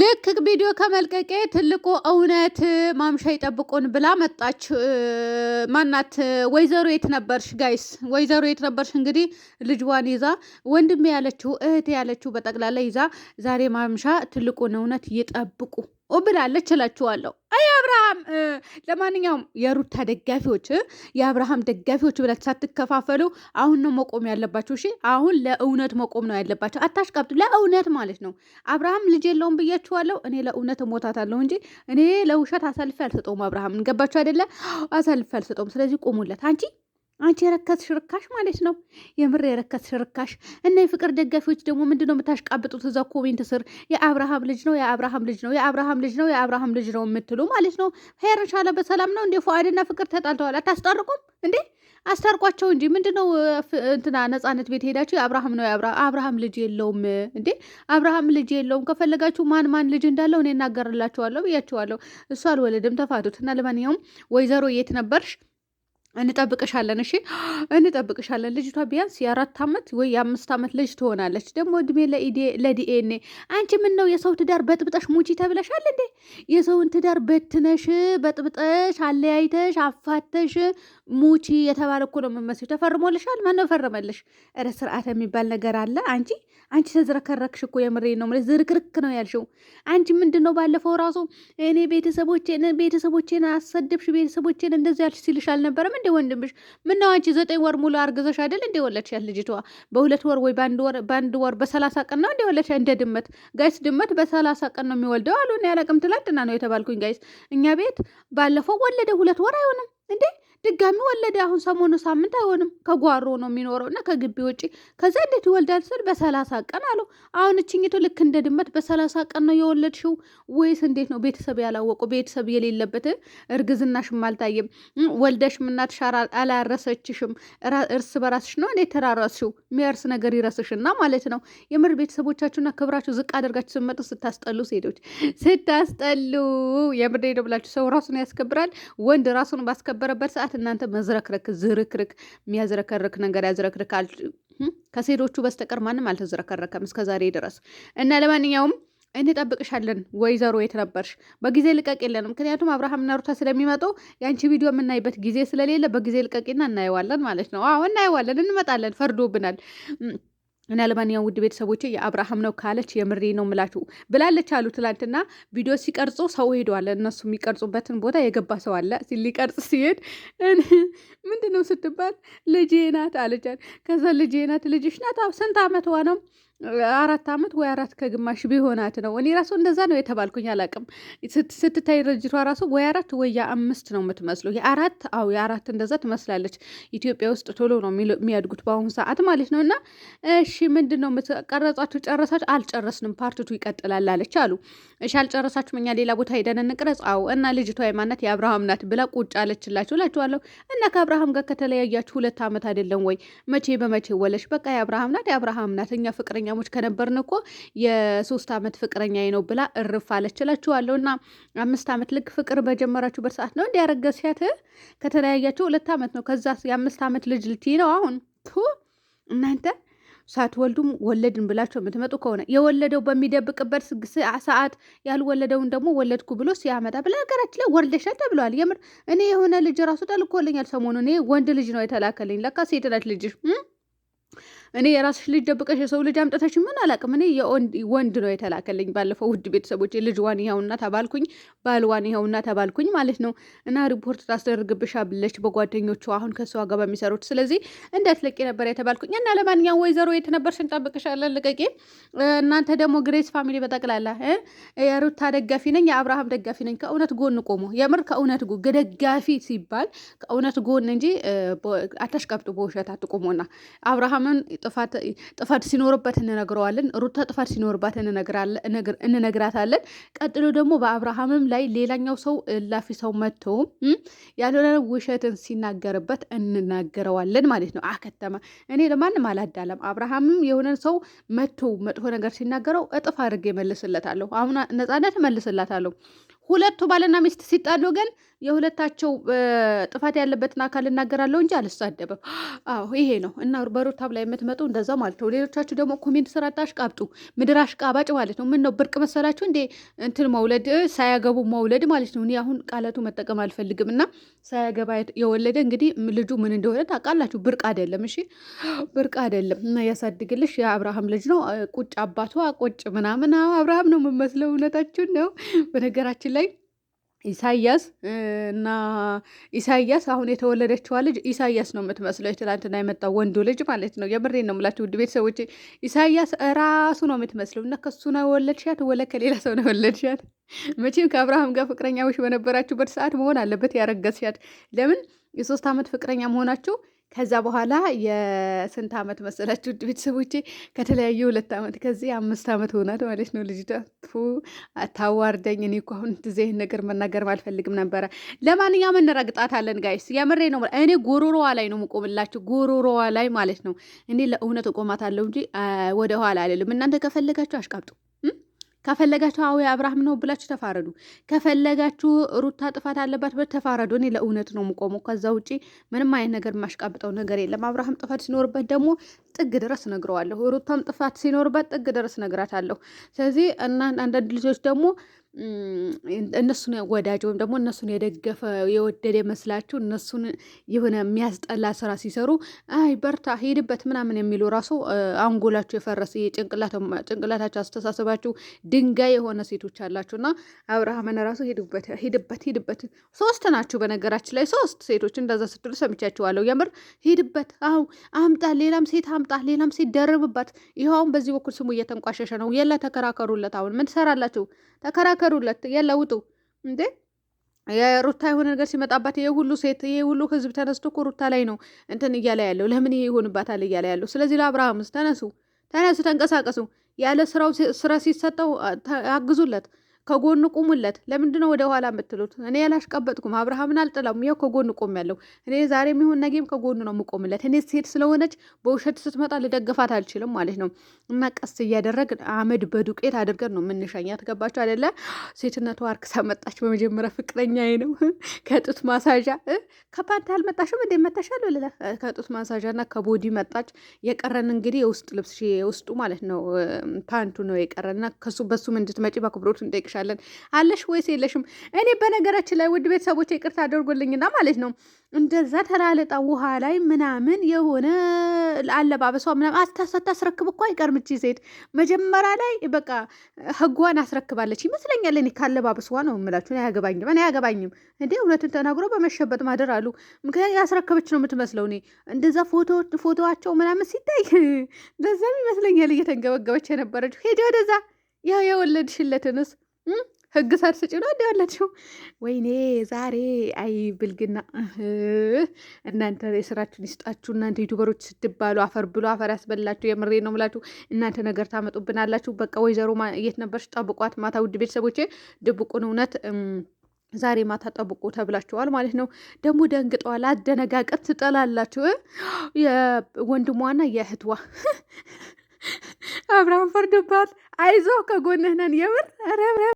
ልክ ቪዲዮ ከመልቀቄ ትልቁ እውነት ማምሻ ይጠብቁን ብላ መጣች። ማናት ወይዘሮ የት ነበርሽ? ጋይስ ወይዘሮ የት ነበርሽ? እንግዲህ ልጅዋን ይዛ ወንድም ያለችው እህት ያለችው በጠቅላላ ይዛ ዛሬ ማምሻ ትልቁን እውነት ይጠብቁ ብላለች እላችኋለሁ። አይ አብርሃም፣ ለማንኛውም የሩታ ደጋፊዎች፣ የአብርሃም ደጋፊዎች ብላችሁ ሳትከፋፈሉ አሁን ነው መቆም ያለባቸው። እሺ፣ አሁን ለእውነት መቆም ነው ያለባቸው። አታሽቃብጡ። ለእውነት ማለት ነው። አብርሃም ልጅ የለውም ብያችኋለሁ። እኔ ለእውነት እሞታታለሁ እንጂ እኔ ለውሸት አሳልፌ አልሰጠውም። አብርሃም ገባችሁ አይደለ? አሳልፌ አልሰጠውም። ስለዚህ ቁሙለት አንቺ አንቺ የረከት ርካሽ ማለት ነው። የምር የረከት ርካሽ። እና የፍቅር ደጋፊዎች ደግሞ ምንድን ነው የምታሽቃብጡት እዛ ኮሜንት ስር? የአብርሃም ልጅ ነው፣ የአብርሃም ልጅ ነው፣ የአብርሃም ልጅ ነው፣ የአብርሃም ልጅ ነው የምትሉ ማለት ነው። ሄርሻለ በሰላም ነው እንዴ? ፈዋድና ፍቅር ተጣልተዋል። አታስጠርቁም እንዴ? አስታርቋቸው እንጂ ምንድነው? እንትና ነፃነት ቤት ሄዳችሁ የአብርሃም ነው አብርሃም ልጅ የለውም እንዴ? አብርሃም ልጅ የለውም። ከፈለጋችሁ ማን ማን ልጅ እንዳለው እኔ እናገርላችኋለሁ ብያችኋለሁ። እሱ አልወለድም። ተፋቱት እና ለማንኛውም ወይዘሮ የት ነበርሽ? እንጠብቅሻለን እሺ፣ እንጠብቅሻለን። ልጅቷ ቢያንስ የአራት ዓመት ወይ የአምስት ዓመት ልጅ ትሆናለች። ደግሞ እድሜ ለዲኤንኤ። አንቺ ምን ነው የሰው ትዳር በጥብጠሽ ሙቺ ተብለሻል እንዴ? የሰውን ትዳር በትነሽ በጥብጠሽ አለያይተሽ አፋተሽ ሙቺ የተባለ እኮ ነው የምመስለው። ተፈርሞልሻል? ማን ነው ፈረመልሽ? ኧረ ስርዓት የሚባል ነገር አለ። አንቺ አንቺ ተዝረከረክሽ እኮ የምሬ ነው የምልሽ። ዝርክርክ ነው ያልሽው አንቺ። ምንድን ነው ባለፈው ራሱ እኔ ቤተሰቦቼን ቤተሰቦቼን አሰደብሽ ቤተሰቦቼን እንደዚ ያልሽ ሲልሽ አልነበረም እንዴ ወንድምሽ? ምነው አንቺ ዘጠኝ ወር ሙሉ አርግዘሽ አይደል እንዴ ወለድሻት? ልጅቷ በሁለት ወር ወይ በአንድ ወር በአንድ ወር በሰላሳ ቀን ነው እንዴ ወለድሻት? እንደ ድመት ጋይስ፣ ድመት በሰላሳ ቀን ነው የሚወልደው አሉ። እኔ አላቅም። ትላንትና ነው የተባልኩኝ ጋይስ። እኛ ቤት ባለፈው ወለደ፣ ሁለት ወር አይሆንም እንዴ ድጋሚ ወለደ። አሁን ሰሞኑ ሳምንት አይሆንም ከጓሮ ነው የሚኖረው እና ከግቢ ውጪ። ከዛ እንዴት ይወልዳል ስል በሰላሳ ቀን አለው። አሁን እችኝቶ ልክ እንደ ድመት በሰላሳ ቀን ነው የወለድሽው ወይስ እንዴት ነው? ቤተሰብ ያላወቀው ቤተሰብ የሌለበት እርግዝናሽም አልታየም። ወልደሽም እናትሽ አላረሰችሽም። እርስ በራስሽ ነው እንዴት ተራራስሽው? የሚያርስ ነገር ይረስሽና ማለት ነው። የምር ቤተሰቦቻችሁና ክብራችሁ ዝቅ አድርጋችሁ ስመጡ ስታስጠሉ፣ ሴቶች ስታስጠሉ። የምር ሄደ ብላችሁ ሰው ራሱን ያስከብራል። ወንድ ራሱን ባስከበረበት ሰዓት እናንተ መዝረክረክ ዝርክርክ የሚያዝረከርክ ነገር ያዝረክርክ ከሴቶቹ በስተቀር ማንም አልተዝረከረከም እስከዛሬ ድረስ እና ለማንኛውም እንጠብቅሻለን ወይዘሮ የት ነበርሽ? በጊዜ ልቀቅ የለን። ምክንያቱም አብርሃምና ሩታ ስለሚመጡ የአንቺ ቪዲዮ የምናይበት ጊዜ ስለሌለ በጊዜ ልቀቂና እናየዋለን ማለት ነው። አዎ እናየዋለን፣ እንመጣለን። ፈርዶብናል። እና ለማንኛውም ውድ ቤተሰቦቼ የአብርሃም ነው ካለች የምሬ ነው ምላችሁ ብላለች አሉ። ትላንትና ቪዲዮ ሲቀርጹ ሰው ሄደዋል። እነሱ የሚቀርጹበትን ቦታ የገባ ሰው አለ። ሊቀርጽ ሲሄድ ምንድን ነው ስትባል ልጄ ናት አለቻት። ከዛ ልጄ ናት ልጅሽ ናት። ስንት ዓመቷ ነው? አራት ዓመት ወይ አራት ከግማሽ ቢሆናት ነው። እኔ ራሱ እንደዛ ነው የተባልኩኝ። አላቅም ስትታይ ድርጅቷ ራሱ ወይ አራት ወይ የአምስት ነው የምትመስሉ። የአራት አዎ የአራት እንደዛ ትመስላለች። ኢትዮጵያ ውስጥ ቶሎ ነው የሚያድጉት በአሁኑ ሰዓት ማለት ነው እና እሺ ምንድን ነው ቀረጻችሁ? ጨረሳችሁ? አልጨረስንም፣ ፓርቲቱ ይቀጥላል አለች አሉ። እሺ አልጨረሳችሁም፣ እኛ ሌላ ቦታ ሄደን እንቅረጽ። አዎ እና ልጅቷ የማናት? የአብርሃም ናት ብላ ቁጭ አለችላችሁ እላችኋለሁ። እና ከአብርሃም ጋር ከተለያያችሁ ሁለት ዓመት አይደለም ወይ? መቼ በመቼ ወለች? በቃ የአብርሃም ናት፣ የአብርሃም ናት። እኛ ፍቅረኛሞች ከነበርን እኮ የሶስት ዓመት ፍቅረኛ ነው ብላ እርፍ አለችላችኋለሁ። እና አምስት ዓመት ልክ ፍቅር በጀመራችሁበት ሰዓት ነው እንዲያረገዝሻት? ከተለያያችሁ ሁለት ዓመት ነው። ከዛ የአምስት ዓመት ልጅ ልትይ ነው አሁን እናንተ ሳትወልዱም ወለድን ብላቸው የምትመጡ ከሆነ የወለደው በሚደብቅበት ሰዓት ያልወለደውን ደግሞ ወለድኩ ብሎ ሲያመጣ በነገራችን ላይ ወልደሻል ተብለዋል። የምር እኔ የሆነ ልጅ ራሱ ተልኮልኛል ሰሞኑን። እኔ ወንድ ልጅ ነው የተላከልኝ። ለካ ሴት ናት ልጅሽ እኔ የራስሽ ልጅ ደብቀሽ የሰው ልጅ አምጠተሽ ምን አላቅም። እኔ ወንድ ነው የተላከልኝ ባለፈው። ውድ ቤተሰቦች ልጅዋን ይኸውና ተባልኩኝ፣ ባልዋን ይኸውና ተባልኩኝ ማለት ነው። እና ሪፖርት ታስደርግብሻለች በጓደኞቹ አሁን ከእሷ ጋር በሚሰሩት ስለዚህ እንዳትለቂ ነበር የተባልኩኝ። እና ለማንኛውም ወይዘሮ የተነበርሽ እንጠብቅሻለን፣ ልቀቂ። እናንተ ደግሞ ግሬስ ፋሚሊ በጠቅላላ የሩታ ደጋፊ ነኝ፣ የአብርሃም ደጋፊ ነኝ። ከእውነት ጎን ቆሙ፣ የምር ከእውነት ደጋፊ ሲባል ከእውነት ጎን እንጂ አታሽቀብጡ፣ በውሸት አትቁሙና አብርሃምን ጥፋት ሲኖርበት እንነግረዋለን። ሩታ ጥፋት ሲኖርባት እንነግራታለን። ቀጥሎ ደግሞ በአብርሃምም ላይ ሌላኛው ሰው ላፊ ሰው መጥቶ ያልሆነ ውሸትን ሲናገርበት እንናገረዋለን ማለት ነው። አከተመ። እኔ ለማንም አላዳለም። አብርሃምም የሆነ ሰው መጥቶ መጥፎ ነገር ሲናገረው እጥፍ አድርጌ እመልስለታለሁ። አሁን ነጻነት እመልስላታለሁ። ሁለቱ ባልና ሚስት ሲጣሉ ግን የሁለታቸው ጥፋት ያለበትን አካል እናገራለሁ እንጂ አልሳደብም። አዎ ይሄ ነው እና በሩታብ ላይ የምትመጡ እንደዛ ማለት ነው። ሌሎቻችሁ ደግሞ ኮሜንት ስራ አሽቃብጡ፣ ምድር አሽቃባጭ ማለት ነው። ምን ነው ብርቅ መሰላችሁ እንዴ? እንትን መውለድ ሳያገቡ መውለድ ማለት ነው። እኔ አሁን ቃለቱ መጠቀም አልፈልግም እና ሳያገባ የወለደ እንግዲህ ልጁ ምን እንደሆነ ታውቃላችሁ። ብርቅ አይደለም፣ እሺ ብርቅ አይደለም። እና ያሳድግልሽ፣ የአብርሃም ልጅ ነው። ቁጭ አባቷ ቆጭ ምናምን አብርሃም ነው የምመስለው። እውነታችሁን ነው በነገራችን ኢሳያስ እና ኢሳያስ አሁን የተወለደችዋ ልጅ ኢሳያስ ነው የምትመስለው። ትላንትና የመጣው ወንዱ ልጅ ማለት ነው። የምሬን ነው የምላችሁ ውድ ቤተሰቦች፣ ኢሳያስ ራሱ ነው የምትመስለው እና ከሱ ነው የወለድሻት ወለ ከሌላ ሰው ነው የወለድሻት። መቼም ከአብርሃም ጋር ፍቅረኛ ሽ በነበራችሁበት ሰዓት መሆን አለበት ያረገዝሻት። ለምን የሶስት ዓመት ፍቅረኛ መሆናችሁ ከዛ በኋላ የስንት ዓመት መሰላችሁ ውድ ቤተሰቦቼ? ከተለያዩ ሁለት ዓመት ከዚህ አምስት ዓመት ሆናት ማለት ነው። ልጅቷ ታዋርደኝ። እኔ እኮ አሁን እዚህ ነገር መናገር አልፈልግም ነበረ። ለማንኛውም እንረግጣታለን ጋይስ፣ የምሬ ነው። እኔ ጎሮሮዋ ላይ ነው የምቆምላችሁ፣ ጎሮሮዋ ላይ ማለት ነው። እኔ ለእውነት እቆማታለሁ እንጂ ወደኋላ አልልም። እናንተ ከፈለጋችሁ አሽቃብጡ ከፈለጋችሁ አዊ አብርሃም ነው ብላችሁ ተፋረዱ። ከፈለጋችሁ ሩታ ጥፋት አለባት ብለ ተፋረዱ። እኔ ለእውነት ነው የምቆመው። ከዛ ውጪ ምንም አይነት ነገር የማሽቃብጠው ነገር የለም። አብርሃም ጥፋት ሲኖርበት ደግሞ ጥግ ድረስ ነግረዋለሁ። ሩታም ጥፋት ሲኖርበት ጥግ ድረስ ነግራታለሁ። ስለዚህ እና አንዳንድ ልጆች ደግሞ እነሱን ወዳጅ ወይም ደግሞ እነሱን የደገፈ የወደደ መስላችሁ እነሱን የሆነ የሚያስጠላ ስራ ሲሰሩ አይ በርታ ሂድበት ምናምን የሚሉ ራሱ አንጎላችሁ የፈረሰ ጭንቅላታችሁ አስተሳሰባችሁ ድንጋይ የሆነ ሴቶች አላችሁ። እና አብርሃምን ራሱ ሄድበት ሄድበት ሂድበት ሶስት ናችሁ። በነገራችን ላይ ሶስት ሴቶች እንደዛ ስትሉ ሰምቻችኋለሁ። የምር ሄድበት አሁ አምጣ፣ ሌላም ሴት አምጣ፣ ሌላም ሴት ደርብበት። ይኸውም በዚህ በኩል ስሙ እየተንቋሸሸ ነው። የለ ተከራከሩለት። አሁን ምን ትሰራላችሁ? ተከራከ መከሩለት። የለውጡ ውጡ እንዴ! የሩታ የሆነ ነገር ሲመጣባት ይሄ ሁሉ ሴት ይሄ ሁሉ ህዝብ ተነስቶ እኮ ሩታ ላይ ነው እንትን እያለ ያለው። ለምን ይሄ ይሆንባታል እያለ ያለው። ስለዚህ ለአብርሃምስ ተነሱ፣ ተነሱ፣ ተንቀሳቀሱ። ያለ ስራው ስራ ሲሰጠው አግዙለት። ከጎን ቁሙለት። ለምንድን ነው ወደ ኋላ የምትሉት? እኔ ያላሽቀበጥኩም፣ አብርሃምን አልጥላም። ያው ከጎን ቆም ያለው እኔ ዛሬም ይሁን ነገም ከጎኑ ነው የምቆምለት። እኔ ሴት ስለሆነች በውሸት ስትመጣ ልደግፋት አልችልም ማለት ነው። እና ቀስ እያደረግን አመድ በዱቄት አድርገን ነው የምንሸኛት። ገባችሁ አይደለ? ሴትነቱ አርክሳ መጣች። በመጀመሪያ ፍቅረኛ ነው ከጡት ማሳዣ ከባድ አልመጣሽም እንዴ መተሻል ብለ ከጡት ማሳዣ እና ከቦዲ መጣች። የቀረን እንግዲህ የውስጥ ልብስ የውስጡ ማለት ነው ፓንቱ ነው የቀረን እና ከሱ በሱም እንድትመጪ በአክብሮት እንጠይቅሽ እናደርግሻለን አለሽ ወይስ የለሽም? እኔ በነገራችን ላይ ውድ ቤተሰቦች ይቅርታ አድርጎልኝና ማለት ነው እንደዛ ተላለጣ ውሃ ላይ ምናምን የሆነ አለባበሷ ምናምን አታስረክብ እኮ አይቀርም እቺ ሴት መጀመሪያ ላይ በቃ ህጓን አስረክባለች ይመስለኛል። እኔ ካለባበሷ ነው የምላችሁ። አያገባኝም እኔ አያገባኝም እንዴ እውነትን ተናግሮ በመሸበጥ ማደር አሉ። ምክንያት ያስረክበች ነው የምትመስለው። እኔ እንደዛ ፎቶዋቸው ምናምን ሲታይ ለዛም ይመስለኛል እየተንገበገበች የነበረችው ሄጂ ወደዛ ያ የወለድሽለትንስ ህግ ሳትስጪ ነው እንዲ ያላችሁ። ወይኔ ዛሬ አይ ብልግና እናንተ የስራችሁን ይስጣችሁ። እናንተ ዩቱበሮች ስትባሉ አፈር ብሎ አፈር ያስበላችሁ። የምሬ ነው ምላችሁ። እናንተ ነገር ታመጡብናላችሁ። በቃ ወይዘሮ የት ነበርሽ? ጠብቋት ማታ። ውድ ቤተሰቦቼ ድብቁን እውነት ዛሬ ማታ ጠብቁ ተብላችኋል ማለት ነው። ደግሞ ደንግጠዋል። አደነጋቀት ትጠላላችሁ። የወንድሟና የእህትዋ አብርሃም ፈርዶባት አይዞ ከጎንህ ነን የምር